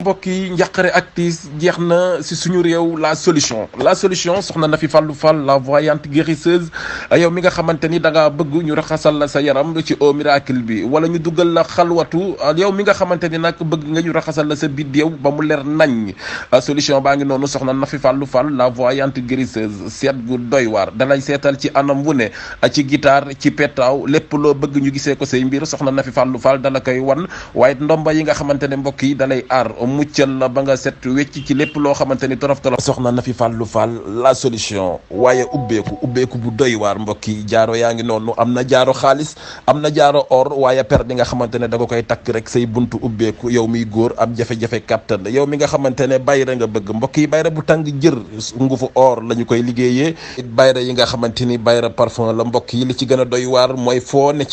mbokk yi njàqare ak tiis jeex na si suñu réew la solution la solution soxna na fi fàllu fàll la voyante guérisseuse yow mi nga xamante ni da ngaa bëgg ñu raxasal la sa yaram ci au miracle bi wala ñu dugal la xalwatu yow mi nga xamante ni nag bëgg nga ñu raxasal la sa biddeew ba mu leer nañ solution baa ngi noonu soxna na fi fàllu fàll la voyante guérisseuse seet gu doy waar dalay seetal ci anam wu ne ci guitare ci petaaw lépp loo bëgg ñu gisee ko say mbir soxna na fi fàllu koy wan waaye ndomba yi nga xamante ne mbokk yi dalay muccal la ba nga set wecc ci lépp loo xamante ni torof torof soxna na fi fàllu fàll la solution waaye ubbeeku ubbeeku bu doy waar mbokk yi jaaro yaa ngi noonu am na jaaro xaalis am na jaaro or waaye per bi nga xamante ne da nga koy takk rek say buntu ubbeeku yow miy góor am jafe-jafe kàttan yow mi nga xamante ne bayra nga bëgg mbokk yi bayra bu tàng jër ngufu or la koy liggéeyee it yi nga xamante ni bayra parfum la mbokk yi li ci gën a doy mooy foo ne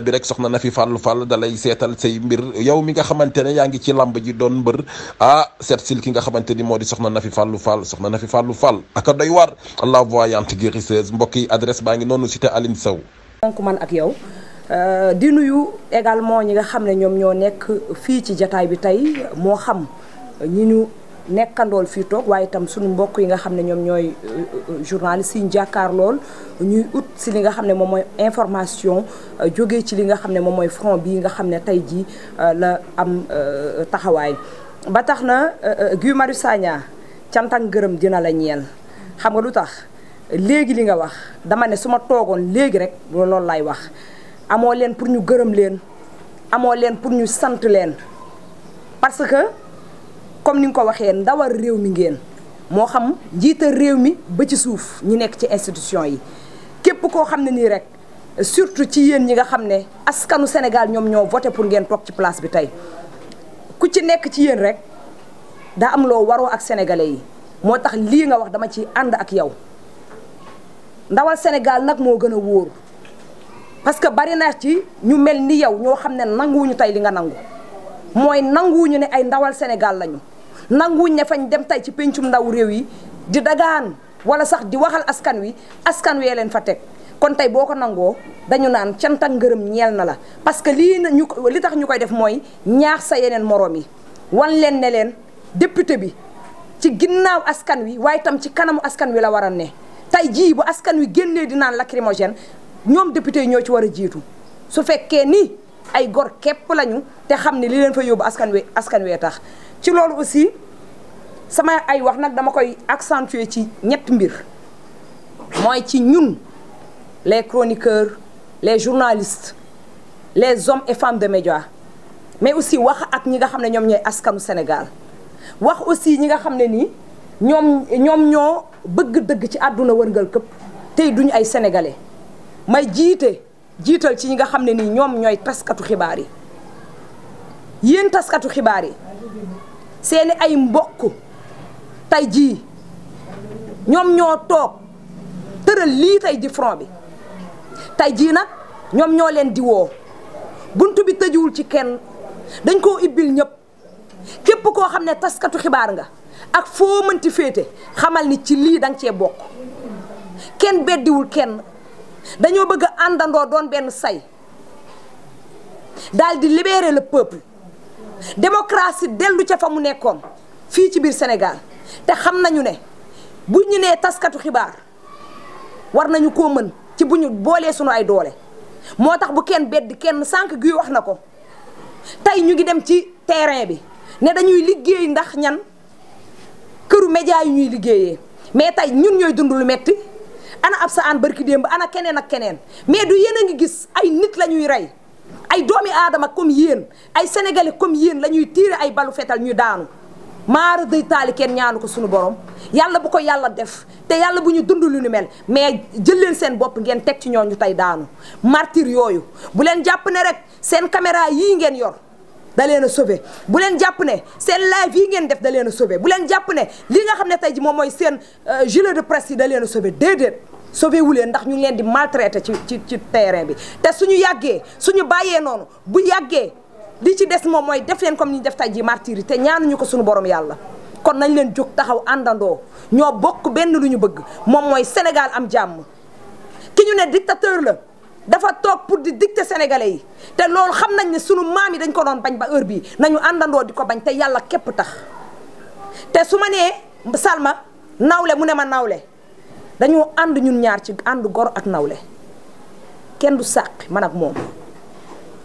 bi rek soxna na fi fàllu fàll dalay seetal say mbir yow mi nga xamante ne yaa ah seet sil ki nga xamante ni moo di soxna Nafi Fallou Fall soxna Nafi Fallou Fall aka doy waar la voyante guérisseuse mbokk yi adresse baa ngi noonu cité Aline Sow donc man ak yow euh, di nuyu également ñi nga xam ne ñoom ñoo nekk fii ci jataay bi tey moo xam ñi ñu nekkandool fii toog waaye itam suñu mbokk yi nga xam ne ñoom ñooy euh, euh, journaliste yi ñu ñuy ut si li nga xam ne moom mooy information jógee ci li nga xam ne moom mooy front bii nga xam ne tey jii la am taxawaay ba tax na euh, euh, Guy Marius Sagna cantan gërëm ngërëm dina la ñeel xam nga lu tax léegi li nga wax dama ne su ma toogoon léegi rek loolu lay wax amoo leen pour ñu gërëm leen amoo leen pour ñu sant leen parce que comme ni nga ko waxee ndawal réew mi ngeen moo xam njiita réew mi ba ci suuf ñu nekk ci institution yi képp koo xam ne nii rek surtout ci yéen ñi nga xam ne askanu Sénégal ñoom ñoo voté pour ngeen toog ci place bi tey ku ci nekk ci yéen rek da am loo waroo ak sénégalais yi moo tax lii nga wax dama ci ànd ak yow ndawal Sénégal nag moo gën a wóor parce que bari na ci ñu mel ni yow ñoo xam ne nanguwuñu tey li nga nangu mooy nanguwuñu ne ay ndawal senegal lañu nanguwuñ ne fañ dem tey ci péncum ndaw réew yi di dagaan wala sax di waxal askan wi askan wee leen fa teg. kon tey boo ko nangoo dañu naan cant ak ngërëm ñeel na la parce que lii na ñu li tax ñu koy def mooy ñaax sa yeneen moroom yi wan leen ne leen député bi ci ginnaaw askan wi waaye tam ci kanamu askan wi la war a ne tey jii bu askan wi génnee di naan lacrymogène ñoom député yi ñoo ci war a jiitu su fekkee ni ay gor képp lañu te xam ne li leen fa yóbbu askan wi askan wee tax ci loolu aussi sama ay wax nag dama koy accentuer ci ñett mbir mooy ci ñun les chroniqueurs les journalistes les hommes et femmes de médias mais aussi wax at ñi nga xam ne ñoom ñooy askanu Sénégal wax aussi ñi nga xam ne nii ñoom ñoom ñoo bëgg dëgg ci àdduna wërngal këpp tey duñu ay sénégalais may jiite jiital ci ñi nga xam ne nii ñoom ñooy taskatu xibaar yi yéen taskatu xibaar yi seeni ay mbokk tey jii ñoom ñoo toog tëral lii tey di bi tey jii nag ñoom ñoo leen di woo buntu bi tëjuwul ci kenn dañ koo ibbil ñëpp képp koo xam ne taskatu xibaar nga ak foo mënti féete xamal ni ci lii danga cee bokk kenn beddiwul kenn dañoo bëgg a àndandoo doon benn say daldi libeere libérer le peuple démocratie dellu ca fa mu nekkoon fii ci biir Sénégal te xam nañu ne bu ñu nee taskatu xibaar war nañu koo mën ci bu ñu boolee sunu ay doole moo tax bu kenn bedd kenn sànq guy wax na ko tey ñu ngi dem ci terrain bi ne dañuy liggéey ndax ñan këru média yu ñuy liggéeyee mais tey ñun ñooy dund lu metti ana ab sa aan barki démb ana keneen ak keneen mais du yéen a ngi gis ay nit la ñuy rey ay doomi aadama comme yéen ay sénégalais comme yéen la ñuy tiire ay balu fetal ñu daanu maara day taali kenn ñaanu ko suñu borom yàlla bu ko yàlla def te yàlla bu ñu dund lu ni mel mais jël leen seen bopp ngeen teg ci ñooñu tey daanu martyr yooyu bu leen jàpp ne rek seen caméra yii ngeen yor da leen a sauvé bu leen jàpp ne seen live yi ngeen def da leen a sauvé bu leen jàpp ne li nga xam ne tey ji moom mooy seen euh, gilet de presse yi da leen a sauvé déedéet sauvé wu leen ndax ñu ngi leen di maltraité ci ci ci terrain bi te suñu yàggee suñu bàyyee noonu bu yàggee li ci des moom mooy def leen comme ni def tey ji martyr yi te ñaanuñu ko suñu borom yàlla kon nañ leen jóg taxaw àndandoo ñoo bokk benn lu ñu bëgg moom mooy Sénégal am jàmm ki ñu ne dictateur la dafa toog pour di dicter sénégalais yi te loolu xam nañ ne sunu maam yi dañ ko doon bañ ba heure bii nañu àndandoo di ko bañ te yàlla képp tax te su ma nee Salma nawle mu ne ma nawle dañoo ànd ñun ñaar ci ànd gor ak nawle kenn du sàq man ak moom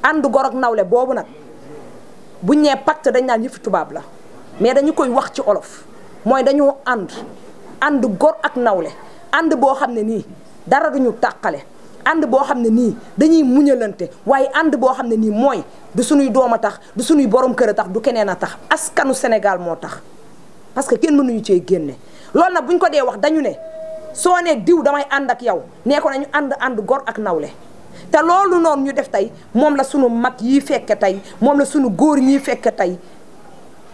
ànd gor ak boobu nag. buñ nee pacte dañ naan yëfi tubaab la mais dañu koy wax ci olof mooy dañoo ànd ànd gor ak nawle ànd boo xam ne nii dara duñu tàqale ànd boo xam ne nii dañuy muñalante waaye ànd boo xam ne nii mooy du suñuy doom a tax du suñuy borom kër a tax du keneen a tax askanu Sénégal moo tax parce que kenn mënuñu cee génne loolu nag buñ ko dee wax dañu ne soo ne diw damay ànd ak yow nee ko nañu ànd ànd gor ak nawle te loolu noonu ñu def tey moom la sunu mag yi fekke tey moom la sunu góor ñi fekke tey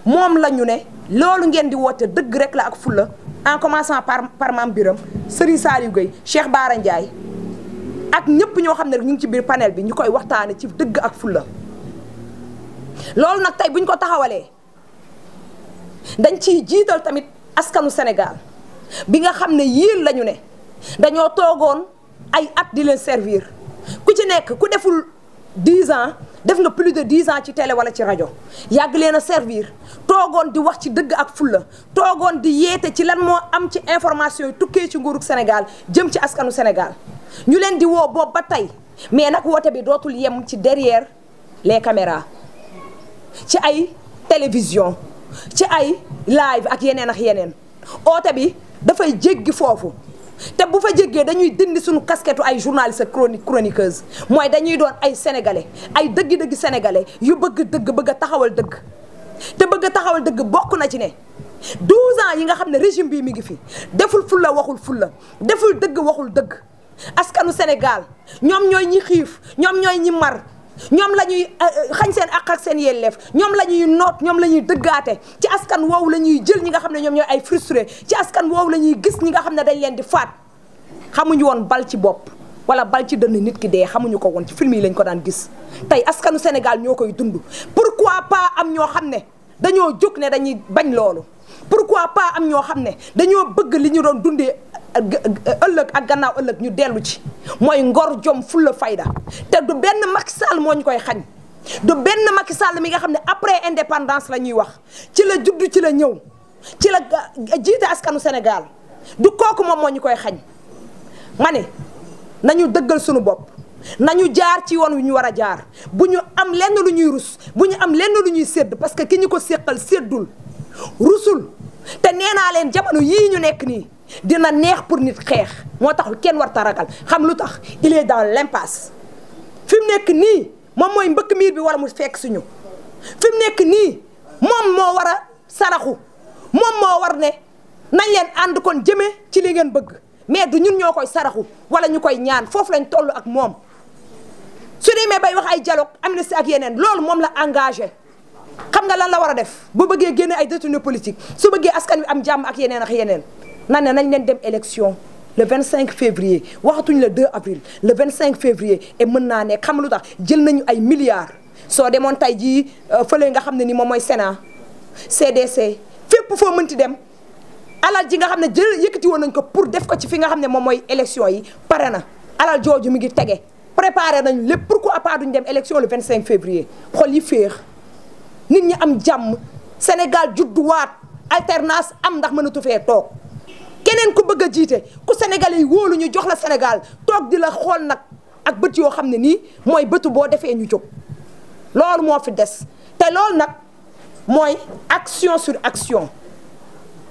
moom la ñu ne loolu ngeen di woote dëgg rek la ak fulla en commençant par par Mame Birame Serigne Saliou Gueye Cheikh Ndiaye ak ñëpp ñoo xam ne ñu ngi ci biir panel bi ñu koy waxtaane ci dëgg ak fulla loolu nag tey buñ ko taxawalee dañ ciy jiital tamit askanu Sénégal bi nga xam ne yéen lañu ne dañoo toogoon ay at di leen servir ci nekk ku deful 10 ans def na plus de 10 ans ci télé wala ci rajo yàgg leen a servir toogoon di wax ci dëgg ak fulla toogoon di yeete ci lan moo am ci information yi tukkee ci nguurug Sénégal jëm ci askanu Sénégal ñu leen di woo boobu ba tey mais nag woote bi dootul yem ci derrière les caméras ci ay télévision ci ay live ak yeneen ak yeneen oote bi dafay jéggi foofu te bu fa jegee dañuy dindi suñu kasketu ay journaliste ak chronique chroniqueuse mooy dañuy doon ay sénégalais ay dëgg-dëgg sénégalais yu bëgg dëgg bëgg a taxawal dëgg te bëgg taxawal dëgg bokk na ci ne 12 ans yi nga xam ne régime bii mi ngi fii deful fulla waxul fulla deful dëgg waxul dëgg askanu Sénégal ñoom ñooy ñi xiif ñoom ñooy ñi mar ñoom la ñuy euh, euh, xañ seen àq ak seen yelleef ñoom la ñuy noot ñoom la ñuy dëggaate ci askan woowu la ñuy jël ñi nga xam ne ñoom ñooy ay frustré ci askan woowu la ñuy gis ñi nga xam ne dañ leen di faat xamuñu woon bal ci bopp wala bal ci dënn nit ki dee xamuñu ko woon ci film yi lañ ko daan gis tey askanu Sénégal ñoo koy dund pourquoi pas am ñoo xam ne dañoo jóg ne dañuy bañ loolu pourquoi pas am ñoo xam ne dañoo bëgg li ñu doon dundee ëllëg ak gannaaw ëllëg ñu dellu ci mooy ngor jom fulla fayda te du benn Macky moo ñu koy xañ du benn Macky Sall mi nga xam ne après indépendance la ñuy wax ci la juddu ci la ñëw ci la jiite askanu Sénégal du kooku moom moo ñu koy xañ ma ne nañu dëggal suñu bopp nañu jaar ci yoon wi ñu war a jaar bu ñu am lenn lu ñuy rus bu ñu am lenn lu ñuy sedd parce que ki ñu ko séqal séddul rusul te nee naa leen jamono yii ñu nekk nii dina neex pour nit xeex moo tax kenn war ta ragal xam lu tax il est dans l'impasse fi mu nekk nii moom mooy mbëkk miir bi war mu fekk suñu fi mu nekk nii moom moo war a saraxu moom moo war ne nañ leen ànd kon jëmee ci li ngeen bëgg mais du ñun ñoo koy saraxu wala ñu koy ñaan foofu lañ toll ak moom su demee bay wax ay am dialogue si ak yeneen loolu moom la engagé xam nga lan la war a def bu bëggee génne ay détenus politiques su bëggee askan wi am jàmm ak yeneen ak yeneen nan ne nañ leen dem élection le 25 février waxatuñ le deux avril le 25 février et mën naa ne xam lu tax jël nañu ay milliards soo demoon tey jii euh, fële nga xam ne ni moom mooy Sénat CDC fépp foo mën mënti dem alal ji nga xam ne jël ti woon nañ ko pour def ko ci fi nga xam ne moom mooy élection yi pare na alal jooju mi ngi tege préparer nañ lépp pourquoi pas duñ dem élection le cinq février xol yi feex nit ñi am jàmm Sénégal judduwaat alternance am ndax mënatu fee toog keneen ku bëgg a jiite ku sénégalais woo lu ñu jox la Sénégal toog di la xool nag ak bët yoo xam ne nii mooy bëtu boo defee ñu jóg loolu moo fi des te lool nag mooy action sur action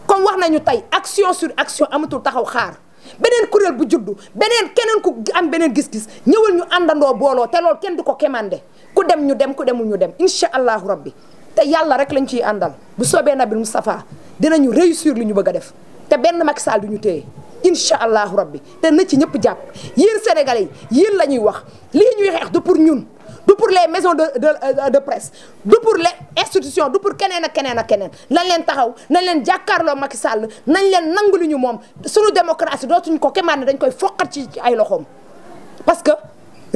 comme wax nañu tey action sur action amatul taxaw xaar beneen kuréel bu juddu beneen keneen ku am beneen gis-gis ñëwal ñu àndandoo booloo te loolu kenn du ko kemande ku dem ñu dem ku demul ñu dem incha allahu rabbi te yàlla rek lañ ciy àndal bu soobee nabil Moustapha dinañu réussir li ñu bëgg a def. te benn Macky Sall du ñu téye incha allahu rabbi te na ci ñëpp jàpp yéen sénégalais yi yéen la ñuy wax li ñuy xeex du pour ñun du pour les maisons de de euh, de du pour les institutions du pour keneen ak keneen ak keneen nañ leen taxaw nañ leen jàkkaarloo Macky sàll nañ leen nangu lu ñu moom suñu démocratie dootuñu ko kemaat ne dañ koy foqat ci ay loxoom. parce que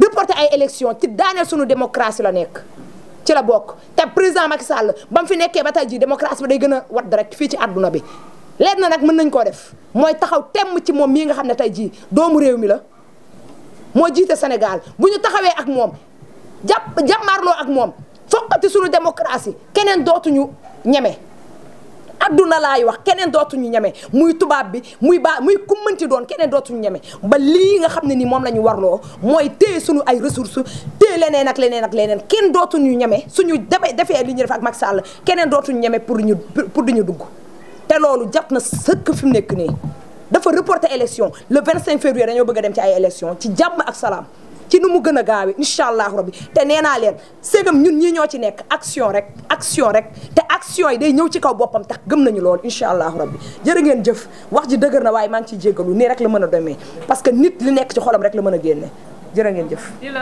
reporter ay élection ci daaneel suñu démocratie la nekk ci la bokk te président Macky Sall ba fi nekkee ba tey jii démocratie bi day gën a wat fii ci àdduna bi. leen na nag mën nañ koo def mooy taxaw temm ci moom mii nga xam ne tey jii doomu réew mi la moo jiite Sénégal bu ñu taxawee ak moom jàpp jàmmaarloo ak moom foqati suñu démocratie keneen dootuñu ñeme adduna laay wax keneen dootuñu ñeme muy tubaab bi muy baa muy ku mënti doon keneen dootuñu ñeme ba lii nga xam ne ni moom la ñu warloo mooy téye suñu ay ressources téye leneen ak leneen ak leneen kenn dootuñu ñeme suñu defee li ñu def ak Macky Sall keneen dootuñu ñeme pour ñu pour di ñu dugg te loolu jot na sëkk fi mu nekk nii dafa reporter élection le 25 février dañoo bëgg a dem ci ay élection ci jàmm ak salaam ci nu mu gën a gaawee incha allahu rabbi te nee naa leen ségam ñun ñii ñoo ci nekk action rek action rek te action yi day ñëw ci kaw boppam tax gëm nañu lool incha allahu rabbi jërë ngeen jëf wax ji dëgër na waaye maa ngi ciy jéggalu nii rek la mën a demee parce que nit li nekk ci xolom rek la mën a génne jërë ngeen jëf